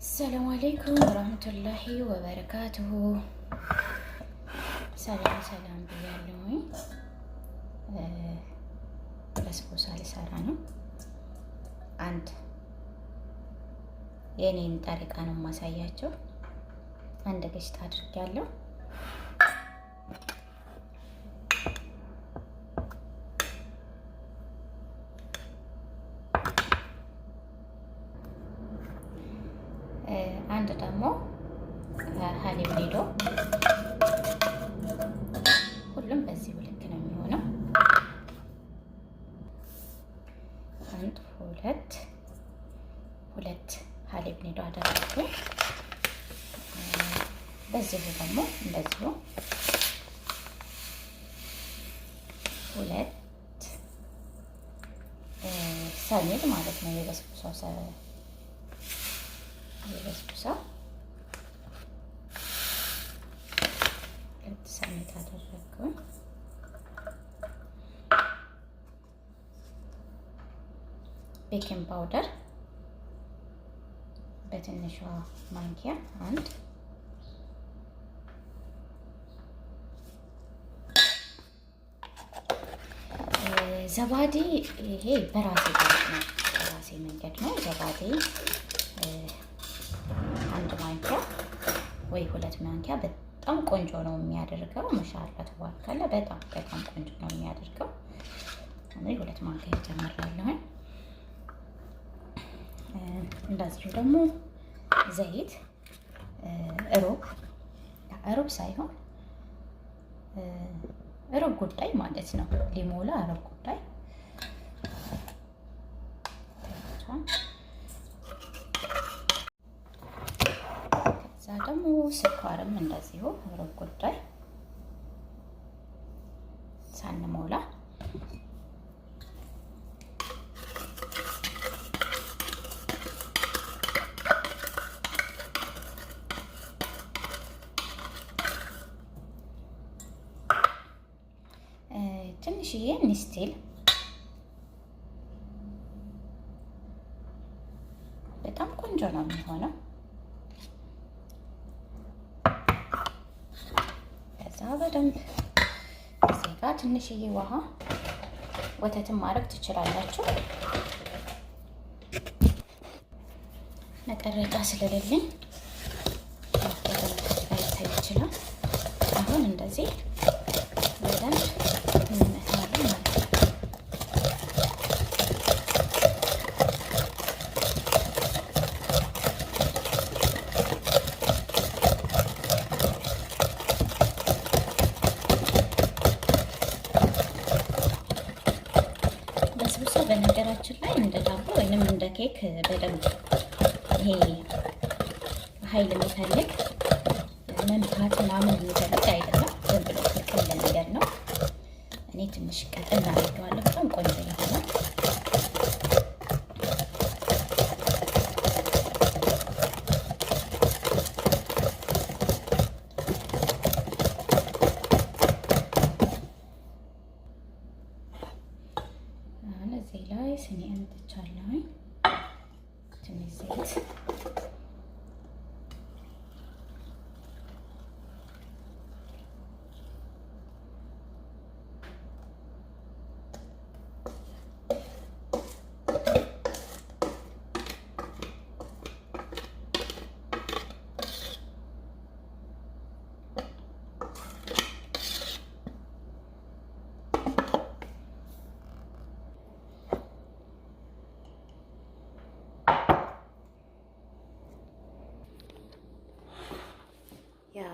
አሰላሙ አለይኩም ወረህመቱላሂ ወበረካቱሁ። ሰላም ሰላም ብያለሁኝ። በስቡሳ ሊሰራ ነው። አንድ የእኔን ጠሪቃ ነው የማሳያቸው። አንድ ገሽጣ አድርጌያለሁ። አንድ ደግሞ ሀሊብ ሊዶ ሁሉም በዚህ ልክ ነው የሚሆነው። አንድ ሁለት ሁለት ሀሊብ ሊዶ አደረጉ። በዚሁ ደግሞ እንደዚሁ ሁለት ሰሊጥ ማለት ነው የበሰበሰ በስብሳ ሁለት ሰሜት አደረግኩኝ። ቤኪንግ ፓውደር በትንሿ ማንኪያ አንድ ዘባዴ ይሄ በራሴ ነው። በራሴ መንገድ ነው ዘባዴ ወይ ሁለት ማንኪያ በጣም ቆንጆ ነው የሚያደርገው። መሻላ ተባከለ በጣም በጣም ቆንጆ ነው የሚያደርገው። ወይ ሁለት ማንኪያ ጨምራለሁ። እንደዚሁ ደግሞ ዘይት ሮብ ሮብ ሳይሆን ሮብ ጉዳይ ማለት ነው። ሊሞላ ሮብ ጉዳይ ደግሞ ስኳርም እንደዚሁ ህብረት ጉዳይ ሳንሞላ ትንሽዬ ኒስቴል በጣም ቆንጆ ነው የሚሆነው። በደንብ እዚህ ጋር ትንሽዬ ውሃ ወተትን ማድረግ ትችላላችሁ። ነቀረጫ ስለሌለኝ አይታይ ይችላል። አሁን እንደዚህ በነገራችን ላይ እንደ ዳቦ ወይንም እንደ ኬክ በደንብ ይሄ ኃይል የሚፈልግ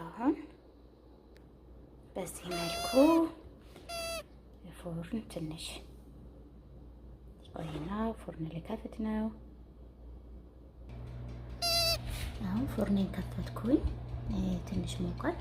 አሁን በዚህ መልኩ ፎርን ትንሽ ቆይና ፎርን ልከፍት ነው። አሁን ፎርኔን ከፈትኩኝ። ትንሽ ሞቋል።